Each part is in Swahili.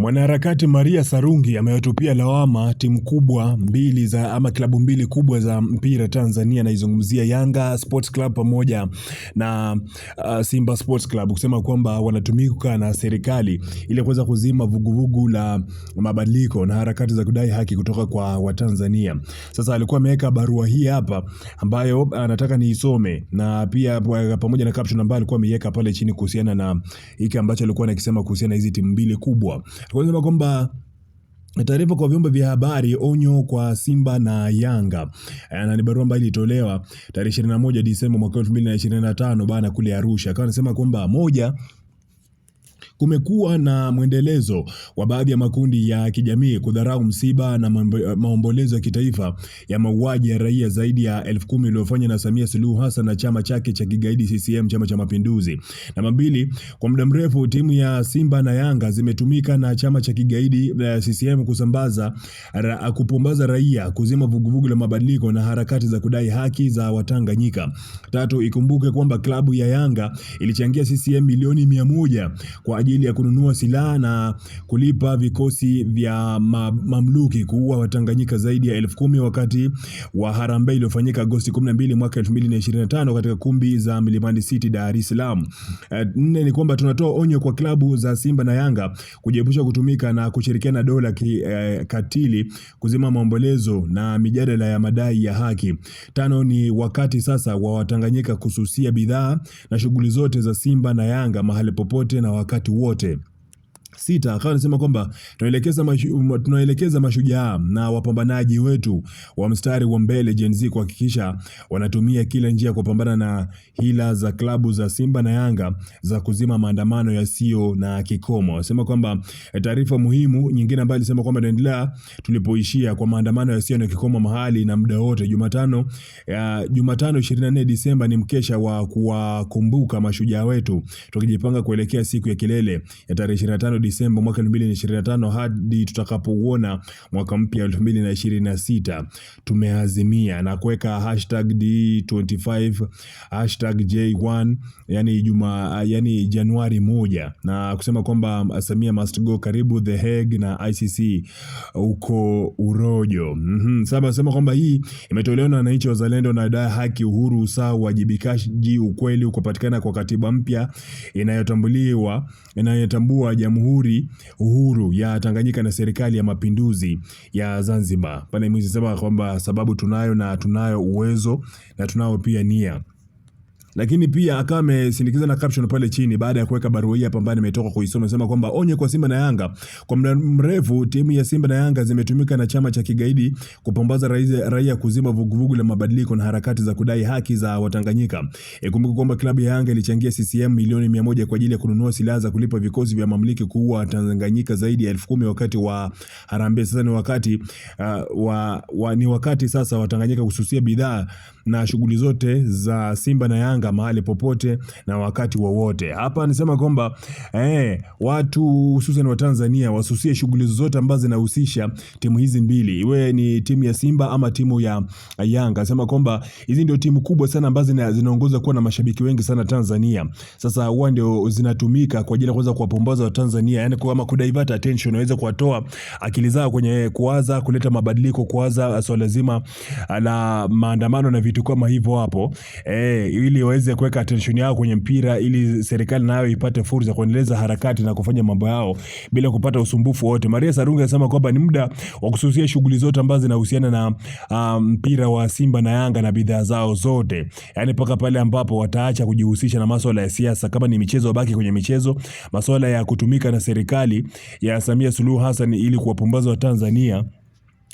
Mwanaharakati Maria Sarungi amewatupia lawama timu kubwa mbili za ama klabu mbili kubwa za mpira Tanzania, anaizungumzia Yanga Sports Club pamoja na uh, Simba Sports Club kusema kwamba wanatumika na serikali ili kuweza kuzima vuguvugu la mabadiliko na harakati za kudai haki kutoka kwa Watanzania. Sasa alikuwa ameweka barua hii hapa ambayo anataka uh, niisome, na pia pamoja na caption ambayo alikuwa ameiweka pale chini kuhusiana na hiki ambacho alikuwa anakisema kuhusiana na hizi timu mbili kubwa Tunasema kwamba eh, taarifa kwa vyombo vya habari, onyo kwa Simba na Yanga, eh, na ni barua ambayo ilitolewa tarehe 21 Disemba mwaka 2025 bana, kule Arusha. Akawa anasema kwamba moja Kumekuwa na mwendelezo wa baadhi ya makundi ya kijamii kudharau msiba na maombolezo ya kitaifa ya mauaji ya raia zaidi ya elfu kumi iliyofanywa na Samia Suluhu Hassan na chama chake cha kigaidi CCM, Chama cha Mapinduzi. Namba mbili, kwa muda mrefu timu ya Simba na Yanga zimetumika na chama cha kigaidi eh, CCM kusambaza ra, kupumbaza raia, kuzima vuguvugu la mabadiliko na harakati za kudai haki za Watanganyika. Tatu, ikumbuke kwamba klabu ya Yanga ilichangia CCM milioni mia moja kwa ajili ajili ya kununua silaha na kulipa vikosi vya ma, mamluki kuua Watanganyika zaidi ya elfu kumi wakati wa harambee iliyofanyika Agosti 12 mwaka 2025 katika kumbi za Mlimani City, Dar es Salaam. Eh, nne ni kwamba tunatoa onyo kwa klabu za Simba na Yanga kujiepusha kutumika na kushirikiana dola ki, eh, katili kuzima maombolezo na mijadala ya madai ya haki. Tano ni wakati sasa wa Watanganyika kususia bidhaa na shughuli zote za Simba na Yanga mahali popote na wakati did? sita akawa anasema kwamba tunaelekeza mashu, tunaelekeza mashujaa na wapambanaji wetu wa mstari wa mbele Gen Z kuhakikisha wanatumia kila njia kupambana na hila za klabu za Simba na Yanga za kuzima maandamano yasiyo na kikomo. Anasema kwamba eh, taarifa muhimu nyingine ambayo alisema kwamba tunaendelea tulipoishia kwa maandamano yasiyo na kikomo mahali na muda wote. Jumatano ya Jumatano 24 Disemba ni mkesha wa kuwakumbuka mashujaa wetu tukijipanga kuelekea siku ya kilele ya tarehe 25 Disemba Disemba mwaka 2025 hadi tutakapouona mwaka mpya 2026. Tumeazimia na kuweka hashtag D25 hashtag J1, yani juma, yani Januari moja, na kusema kwamba Samia must go. Karibu The Hague na ICC huko Urojo. mm -hmm. Saba sema kwamba hii imetolewa na wananchi wa Zalendo na dai haki, uhuru, usawa, uwajibikaji, ukweli ukopatikana kwa katiba mpya inayotambuliwa inayotambua jamhuri Jamhuri Uhuru ya Tanganyika na Serikali ya Mapinduzi ya Zanzibar. Pana imesema kwamba sababu tunayo na tunayo uwezo na tunayo pia nia lakini pia akawa amesindikiza na caption pale chini baada ya kuweka barua hii hapa ambayo nimetoka kuisoma, sema kwamba onye kwa Simba na Yanga. Kwa muda mrefu timu ya Simba na Yanga zimetumika na chama cha kigaidi kupambaza raia, raia kuzima vuguvugu la mabadiliko na harakati za kudai haki za Watanganyika. Ikumbuke kwamba klabu ya Yanga ilichangia CCM milioni 100 kwa ajili ya kununua silaha za kulipa vikosi vya mamliki kuua Watanganyika zaidi ya elfu kumi wakati wa harambee. Sasa ni wakati uh, wa, wa, ni wakati sasa Watanganyika kususia bidhaa na shughuli zote za Simba na Yanga kujifunza mahali popote na wakati wowote. Hapa anasema kwamba eh, watu hususan wa Tanzania wasusie shughuli zote ambazo zinahusisha timu hizi mbili, iwe ni timu ya Simba ama timu ya Yanga. Anasema kwamba hizi ndio timu kubwa sana ambazo zinaongoza kuwa na mashabiki wengi sana Tanzania. Sasa huwa ndio zinatumika kwa ajili ya kuweza kuwapombaza wa Tanzania, yani kama kudivert attention, waweze kuwatoa akili zao kwenye kuwaza kuleta mabadiliko, kuwaza swala zima la maandamano na vitu kama hivyo hapo eh, ili waweze kuweka attention yao kwenye mpira ili serikali nayo ipate fursa kuendeleza harakati na kufanya mambo yao bila kupata usumbufu wote. Maria Sarungi anasema kwamba ni muda wa kususia shughuli zote ambazo zinahusiana na ah, mpira um, wa Simba na Yanga na bidhaa zao zote, yaani mpaka pale ambapo wataacha kujihusisha na masuala ya siasa. Kama ni michezo, wabaki kwenye michezo. Masuala ya kutumika na serikali ya Samia Suluhu Hassan ili kuwapumbaza Watanzania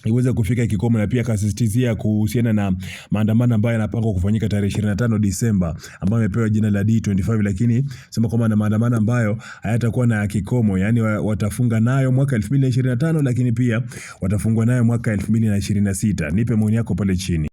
iweze kufika kikomo na pia akasisitizia kuhusiana na maandamano ambayo yanapangwa kufanyika tarehe 25 Disemba ambayo imepewa jina la D25, lakini sema kwamba na maandamano ambayo hayatakuwa na kikomo, yani watafunga nayo mwaka 2025, lakini pia watafungwa nayo mwaka 2026. Nipe maoni yako pale chini.